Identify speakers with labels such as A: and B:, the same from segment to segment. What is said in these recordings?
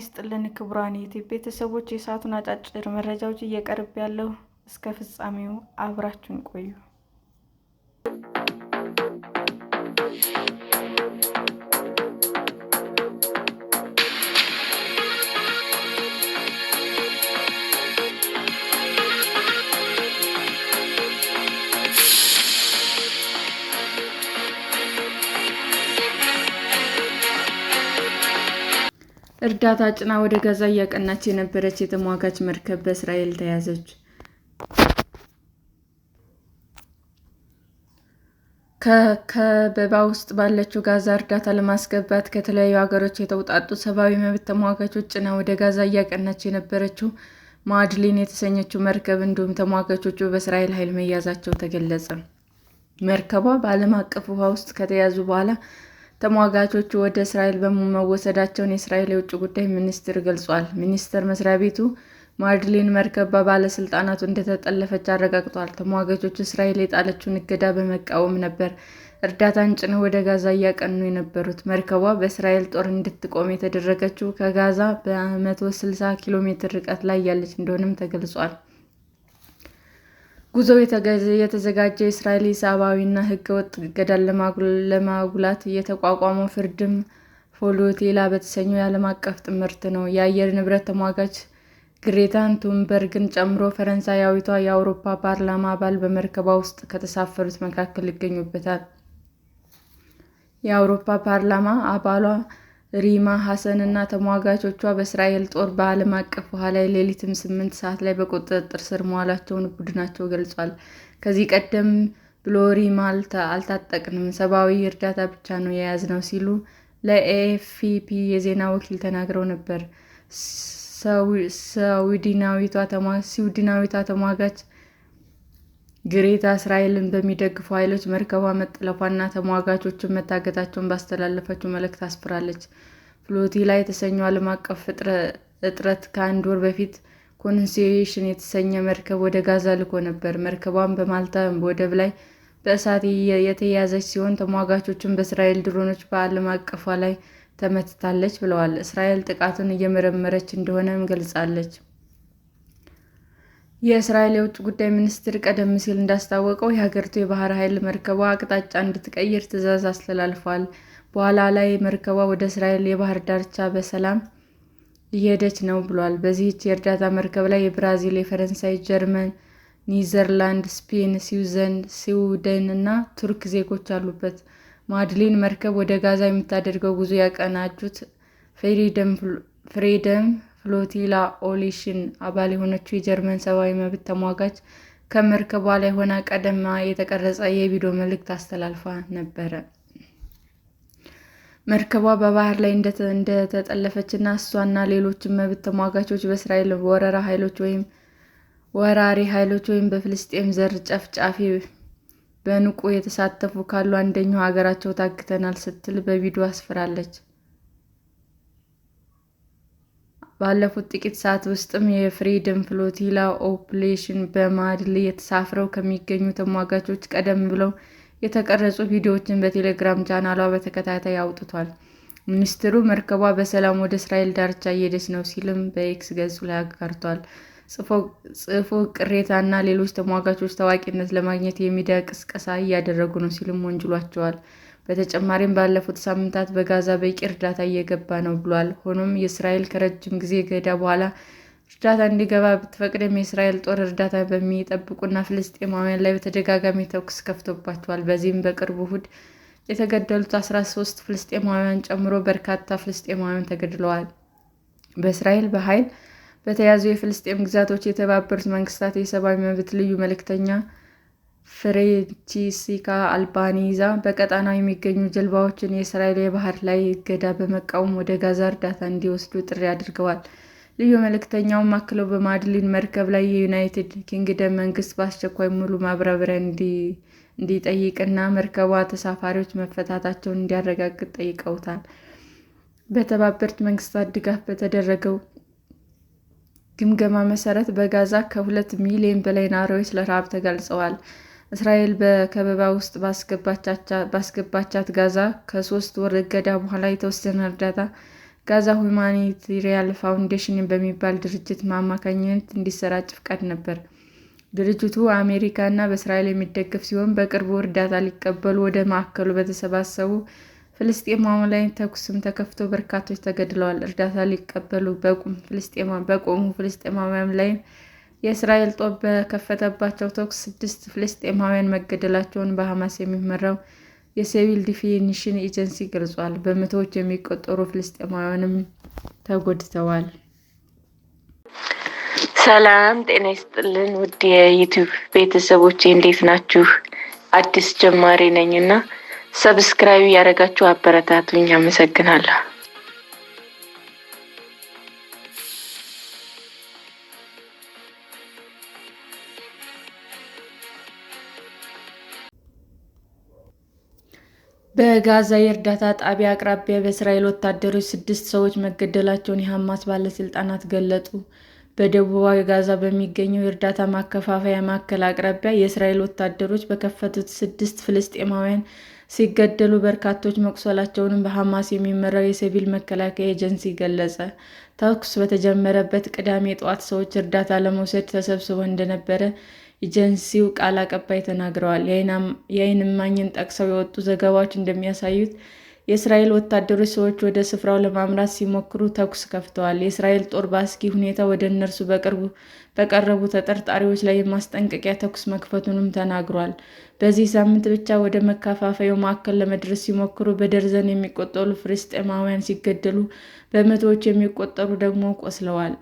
A: ይስጥልን ክቡራን ዩቲዩብ ቤተሰቦች፣ የሰዓቱን አጫጭር መረጃዎች እየቀርብ ያለው እስከ ፍጻሜው አብራችሁን ቆዩ። እርዳታ ጭና ወደ ጋዛ እያቀናች የነበረች የተሟጋች መርከብ በእስራኤል ተያዘች። ከበባ ውስጥ ባለችው ጋዛ እርዳታ ለማስገባት ከተለያዩ ሀገሮች የተውጣጡ ሰብአዊ መብት ተሟጋቾች ጭና ወደ ጋዛ እያቀናች የነበረችው ማዕድሊን የተሰኘችው መርከብ እንዲሁም ተሟጋቾቹ በእስራኤል ኃይል መያዛቸው ተገለጸ። መርከቧ በዓለም አቀፍ ውሃ ውስጥ ከተያዙ በኋላ ተሟጋቾቹ ወደ እስራኤል በመወሰዳቸውን የእስራኤል የውጭ ጉዳይ ሚኒስቴር ገልጿል። ሚኒስቴር መስሪያ ቤቱ ማድሊን መርከብ በባለስልጣናቱ እንደተጠለፈች አረጋግጧል። ተሟጋቾቹ እስራኤል የጣለችውን እገዳ በመቃወም ነበር እርዳታን ጭነው ወደ ጋዛ እያቀኑ የነበሩት። መርከቧ በእስራኤል ጦር እንድትቆም የተደረገችው ከጋዛ በ160 ኪሎ ሜትር ርቀት ላይ ያለች እንደሆነም ተገልጿል። ጉዞው የተዘጋጀ የእስራኤል ኢሰብአዊና ሕገወጥ እገዳን ለማጉላት የተቋቋመው ፍሪደም ፎሎቴላ በተሰኘው የዓለም አቀፍ ጥምረት ነው። የአየር ንብረት ተሟጋች ግሬታን ቱንበርግን ጨምሮ ፈረንሳያዊቷ የአውሮፓ ፓርላማ አባል በመርከቧ ውስጥ ከተሳፈሩት መካከል ይገኙበታል። የአውሮፓ ፓርላማ አባሏ ሪማ ሐሰን እና ተሟጋቾቿ በእስራኤል ጦር በዓለም አቀፍ ውሃ ላይ ሌሊትም ስምንት ሰዓት ላይ በቁጥጥር ስር መዋላቸውን ቡድናቸው ገልጿል። ከዚህ ቀደም ብሎ ሪማ አልታጠቅንም፣ ሰብአዊ እርዳታ ብቻ ነው የያዝነው ሲሉ ለኤኤፍፒ የዜና ወኪል ተናግረው ነበር። ስዊድናዊቷ ተሟጋች ግሬታ እስራኤልን በሚደግፉ ኃይሎች መርከቧ መጥለፏና ተሟጋቾችን መታገታቸውን ባስተላለፈችው መልዕክት አስፍራለች። ፍሎቲላ የተሰኘው ዓለም አቀፍ እጥረት ከአንድ ወር በፊት ኮንሴሽን የተሰኘ መርከብ ወደ ጋዛ ልኮ ነበር። መርከቧን በማልታ ወደብ ላይ በእሳት የተያዘች ሲሆን ተሟጋቾችን በእስራኤል ድሮኖች በዓለም አቀፏ ላይ ተመትታለች ብለዋል። እስራኤል ጥቃቱን እየመረመረች እንደሆነም ገልጻለች። የእስራኤል የውጭ ጉዳይ ሚኒስቴር ቀደም ሲል እንዳስታወቀው የሀገሪቱ የባህር ኃይል መርከቧ አቅጣጫ እንድትቀይር ትዕዛዝ አስተላልፏል። በኋላ ላይ መርከቧ ወደ እስራኤል የባህር ዳርቻ በሰላም እየሄደች ነው ብሏል። በዚህች የእርዳታ መርከብ ላይ የብራዚል፣ የፈረንሳይ፣ ጀርመን፣ ኒዘርላንድ፣ ስፔን፣ ስዊድን እና ቱርክ ዜጎች አሉበት። ማድሊን መርከብ ወደ ጋዛ የምታደርገው ጉዞ ያቀናጁት ፍሪደም ፍሎቲላ ኦሊሽን አባል የሆነችው የጀርመን ሰብአዊ መብት ተሟጋች ከመርከቧ ላይ ሆና ቀደማ የተቀረጸ የቪዲዮ መልእክት አስተላልፋ ነበረ። መርከቧ በባህር ላይ እንደተጠለፈችና እሷና ሌሎችም መብት ተሟጋቾች በእስራኤል ወረራ ኃይሎች ወይም ወራሪ ኃይሎች ወይም በፍልስጤም ዘር ጨፍጫፊ በንቁ የተሳተፉ ካሉ አንደኛው ሀገራቸው ታግተናል ስትል በቪዲዮ አስፍራለች። ባለፉት ጥቂት ሰዓት ውስጥም የፍሪደም ፍሎቲላ ኦፕሬሽን በማድሌ ተሳፍረው ከሚገኙ ተሟጋቾች ቀደም ብለው የተቀረጹ ቪዲዮዎችን በቴሌግራም ቻናሏ በተከታታይ አውጥቷል። ሚኒስትሩ መርከቧ በሰላም ወደ እስራኤል ዳርቻ እየሄደች ነው ሲልም በኤክስ ገጹ ላይ አጋርቷል። ጽፎ እና ሌሎች ተሟጋቾች ታዋቂነት ለማግኘት የሚዲያ ቅስቀሳ እያደረጉ ነው ሲልም ወንጅሏቸዋል። በተጨማሪም ባለፉት ሳምንታት በጋዛ በቂ እርዳታ እየገባ ነው ብሏል። ሆኖም የእስራኤል ከረጅም ጊዜ ገዳ በኋላ እርዳታ እንዲገባ ብትፈቅድም የእስራኤል ጦር እርዳታ በሚጠብቁና ፍልስጤማውያን ላይ በተደጋጋሚ ተኩስ ከፍቶባቸዋል። በዚህም በቅርቡ እሁድ የተገደሉት 13 ፍልስጤማውያን ጨምሮ በርካታ ፍልስጤማውያን ተገድለዋል። በእስራኤል በኃይል በተያዙ የፍልስጤም ግዛቶች የተባበሩት መንግስታት የሰብአዊ መብት ልዩ መልእክተኛ ፍሬንቺስካ አልባኒዛ በቀጣናው የሚገኙ ጀልባዎችን የእስራኤል የባህር ላይ እገዳ በመቃወም ወደ ጋዛ እርዳታ እንዲወስዱ ጥሪ አድርገዋል። ልዩ መልእክተኛውም አክለው በማድሊን መርከብ ላይ የዩናይትድ ኪንግደም መንግሥት በአስቸኳይ ሙሉ ማብራሪያ እንዲጠይቅና መርከቧ ተሳፋሪዎች መፈታታቸውን እንዲያረጋግጥ ጠይቀውታል። በተባበሩት መንግስታት ድጋፍ በተደረገው ግምገማ መሠረት በጋዛ ከሁለት ሚሊዮን በላይ ናዝራውያን ለረሃብ ተጋልጸዋል። እስራኤል በከበባ ውስጥ ባስገባቻት ጋዛ ከሶስት ወር እገዳ በኋላ የተወሰነ እርዳታ ጋዛ ሁማኒታሪያን ፋውንዴሽን በሚባል ድርጅት አማካኝነት እንዲሰራጭ ፈቃድ ነበር። ድርጅቱ አሜሪካ እና በእስራኤል የሚደገፍ ሲሆን በቅርቡ እርዳታ ሊቀበሉ ወደ ማዕከሉ በተሰባሰቡ ፍልስጤማውያን ላይ ተኩስም ተከፍቶ በርካቶች ተገድለዋል። እርዳታ ሊቀበሉ በቆሙ ፍልስጤማውያን ላይ የእስራኤል ጦር በከፈተባቸው ተኩስ ስድስት ፍልስጤማውያን መገደላቸውን በሐማስ የሚመራው የሲቪል ዲፊኒሽን ኤጀንሲ ገልጿል። በመቶዎች የሚቆጠሩ ፍልስጤማውያንም ተጎድተዋል።
B: ሰላም ጤና ይስጥልን ውድ የዩቲዩብ ቤተሰቦች እንዴት ናችሁ? አዲስ ጀማሪ ነኝ እና ሰብስክራይብ ያደረጋችሁ አበረታቱኝ። አመሰግናለሁ። በጋዛ የእርዳታ ጣቢያ አቅራቢያ በእስራኤል ወታደሮች ስድስት ሰዎች መገደላቸውን የሐማስ ባለሥልጣናት ገለጡ። በደቡባዊ ጋዛ በሚገኘው የእርዳታ ማከፋፈያ ማዕከል አቅራቢያ የእስራኤል ወታደሮች በከፈቱት ስድስት ፍልስጤማውያን ሲገደሉ በርካቶች መቁሰላቸውንም በሐማስ የሚመራው የሲቪል መከላከያ ኤጀንሲ ገለጸ። ተኩስ በተጀመረበት ቅዳሜ ጠዋት ሰዎች እርዳታ ለመውሰድ ተሰብስበው እንደነበረ ኤጀንሲው ቃል አቀባይ ተናግረዋል። የዓይን እማኝን ጠቅሰው የወጡ ዘገባዎች እንደሚያሳዩት የእስራኤል ወታደሮች ሰዎች ወደ ስፍራው ለማምራት ሲሞክሩ ተኩስ ከፍተዋል። የእስራኤል ጦር በአስጊ ሁኔታ ወደ እነርሱ በቀረቡ ተጠርጣሪዎች ላይ የማስጠንቀቂያ ተኩስ መክፈቱንም ተናግሯል። በዚህ ሳምንት ብቻ ወደ መከፋፈያው ማዕከል ለመድረስ ሲሞክሩ በደርዘን የሚቆጠሩ ፍልስጤማውያን ሲገደሉ፣ በመቶዎች የሚቆጠሩ ደግሞ ቆስለዋል።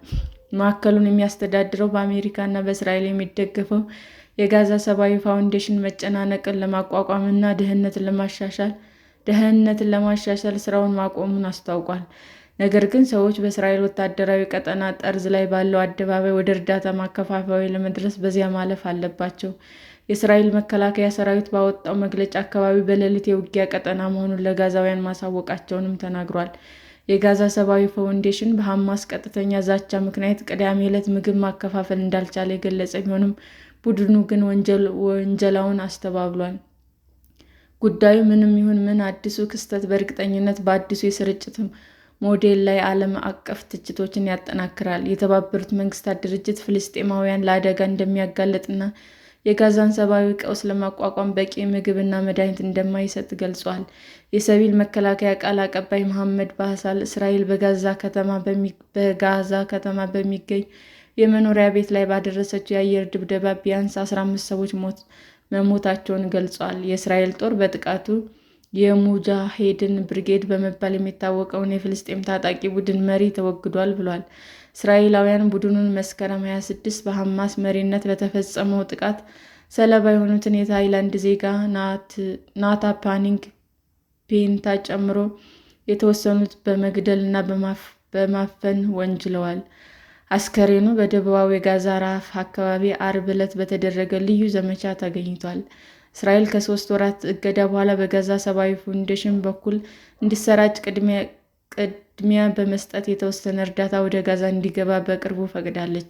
B: ማዕከሉን የሚያስተዳድረው በአሜሪካና በእስራኤል የሚደገፈው የጋዛ ሰብአዊ ፋውንዴሽን መጨናነቅን ለማቋቋም እና ደህንነትን ለማሻሻል ስራውን ማቆሙን አስታውቋል። ነገር ግን ሰዎች በእስራኤል ወታደራዊ ቀጠና ጠርዝ ላይ ባለው አደባባይ ወደ እርዳታ ማከፋፈያው ለመድረስ በዚያ ማለፍ አለባቸው። የእስራኤል መከላከያ ሰራዊት ባወጣው መግለጫ አካባቢው በሌሊት የውጊያ ቀጠና መሆኑን ለጋዛውያን ማሳወቃቸውንም ተናግሯል። የጋዛ ሰብአዊ ፋውንዴሽን በሐማስ ቀጥተኛ ዛቻ ምክንያት ቅዳሜ ዕለት ምግብ ማከፋፈል እንዳልቻለ የገለጸ ቢሆንም ቡድኑ ግን ወንጀላውን አስተባብሏል። ጉዳዩ ምንም ይሁን ምን አዲሱ ክስተት በእርግጠኝነት በአዲሱ የስርጭት ሞዴል ላይ ዓለም አቀፍ ትችቶችን ያጠናክራል። የተባበሩት መንግስታት ድርጅት ፍልስጤማውያን ለአደጋ እንደሚያጋለጥና የጋዛን ሰብአዊ ቀውስ ለማቋቋም በቂ ምግብና መድኃኒት እንደማይሰጥ ገልጿል። የሲቪል መከላከያ ቃል አቀባይ መሐመድ ባሳል እስራኤል በጋዛ ከተማ በሚገኝ የመኖሪያ ቤት ላይ ባደረሰችው የአየር ድብደባ ቢያንስ 15 ሰዎች መሞታቸውን ገልጿል። የእስራኤል ጦር በጥቃቱ የሙጃሄድን ብርጌድ በመባል የሚታወቀውን የፍልስጤም ታጣቂ ቡድን መሪ ተወግዷል ብሏል። እስራኤላውያን ቡድኑን መስከረም 26 በሐማስ መሪነት በተፈጸመው ጥቃት ሰለባ የሆኑትን የታይላንድ ዜጋ ፓኒንግ ፔንታ ጨምሮ የተወሰኑት በመግደልና በማፈን ወንጅለዋል። አስከሬኑ በደቡባዊ የጋዛ ራፍ አካባቢ አርብ ዕለት በተደረገ ልዩ ዘመቻ ተገኝቷል። እስራኤል ከሶስት ወራት እገዳ በኋላ በጋዛ ሰብአዊ ፋውንዴሽን በኩል እንዲሰራጭ ቅድሚያ ቅድሚያ በመስጠት የተወሰነ እርዳታ ወደ ጋዛ እንዲገባ በቅርቡ ፈቅዳለች።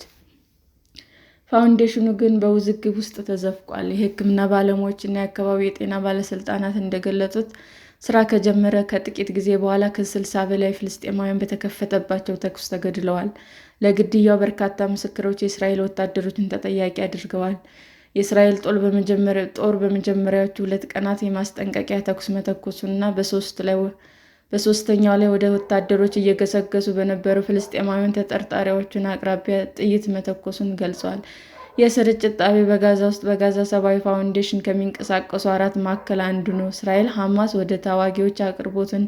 B: ፋውንዴሽኑ ግን በውዝግብ ውስጥ ተዘፍቋል። የሕክምና ባለሙያዎች እና የአካባቢው የጤና ባለስልጣናት እንደገለጹት ሥራ ከጀመረ ከጥቂት ጊዜ በኋላ ከስልሳ በላይ ፍልስጤማውያን በተከፈተባቸው ተኩስ ተገድለዋል። ለግድያው በርካታ ምስክሮች የእስራኤል ወታደሮችን ተጠያቂ አድርገዋል። የእስራኤል ጦር በመጀመሪያዎቹ ሁለት ቀናት የማስጠንቀቂያ ተኩስ መተኮሱ እና በሶስት ላይ በሶስተኛው ላይ ወደ ወታደሮች እየገሰገሱ በነበሩ ፍልስጤማውያን ተጠርጣሪዎቹን አቅራቢያ ጥይት መተኮሱን ገልጿል። የስርጭት ጣቢያ በጋዛ ውስጥ በጋዛ ሰብአዊ ፋውንዴሽን ከሚንቀሳቀሱ አራት ማዕከል አንዱ ነው። እስራኤል ሐማስ ወደ ተዋጊዎች አቅርቦትን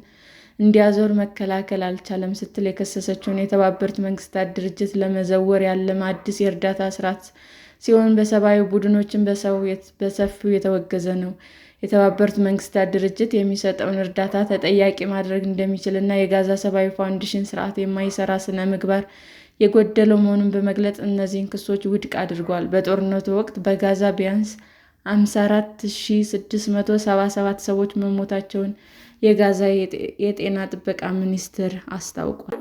B: እንዲያዞር መከላከል አልቻለም ስትል የከሰሰችውን የተባበሩት መንግስታት ድርጅት ለመዘወር ያለም አዲስ የእርዳታ ስርዓት ሲሆን በሰብአዊ ቡድኖችን በሰፊው የተወገዘ ነው። የተባበሩት መንግስታት ድርጅት የሚሰጠውን እርዳታ ተጠያቂ ማድረግ እንደሚችልና የጋዛ ሰብዊ ፋውንዴሽን ስርዓት የማይሰራ ስነ ምግባር የጎደለው መሆኑን በመግለጽ እነዚህን ክሶች ውድቅ አድርጓል። በጦርነቱ ወቅት በጋዛ ቢያንስ 54677 ሰዎች መሞታቸውን የጋዛ የጤና ጥበቃ ሚኒስቴር አስታውቋል።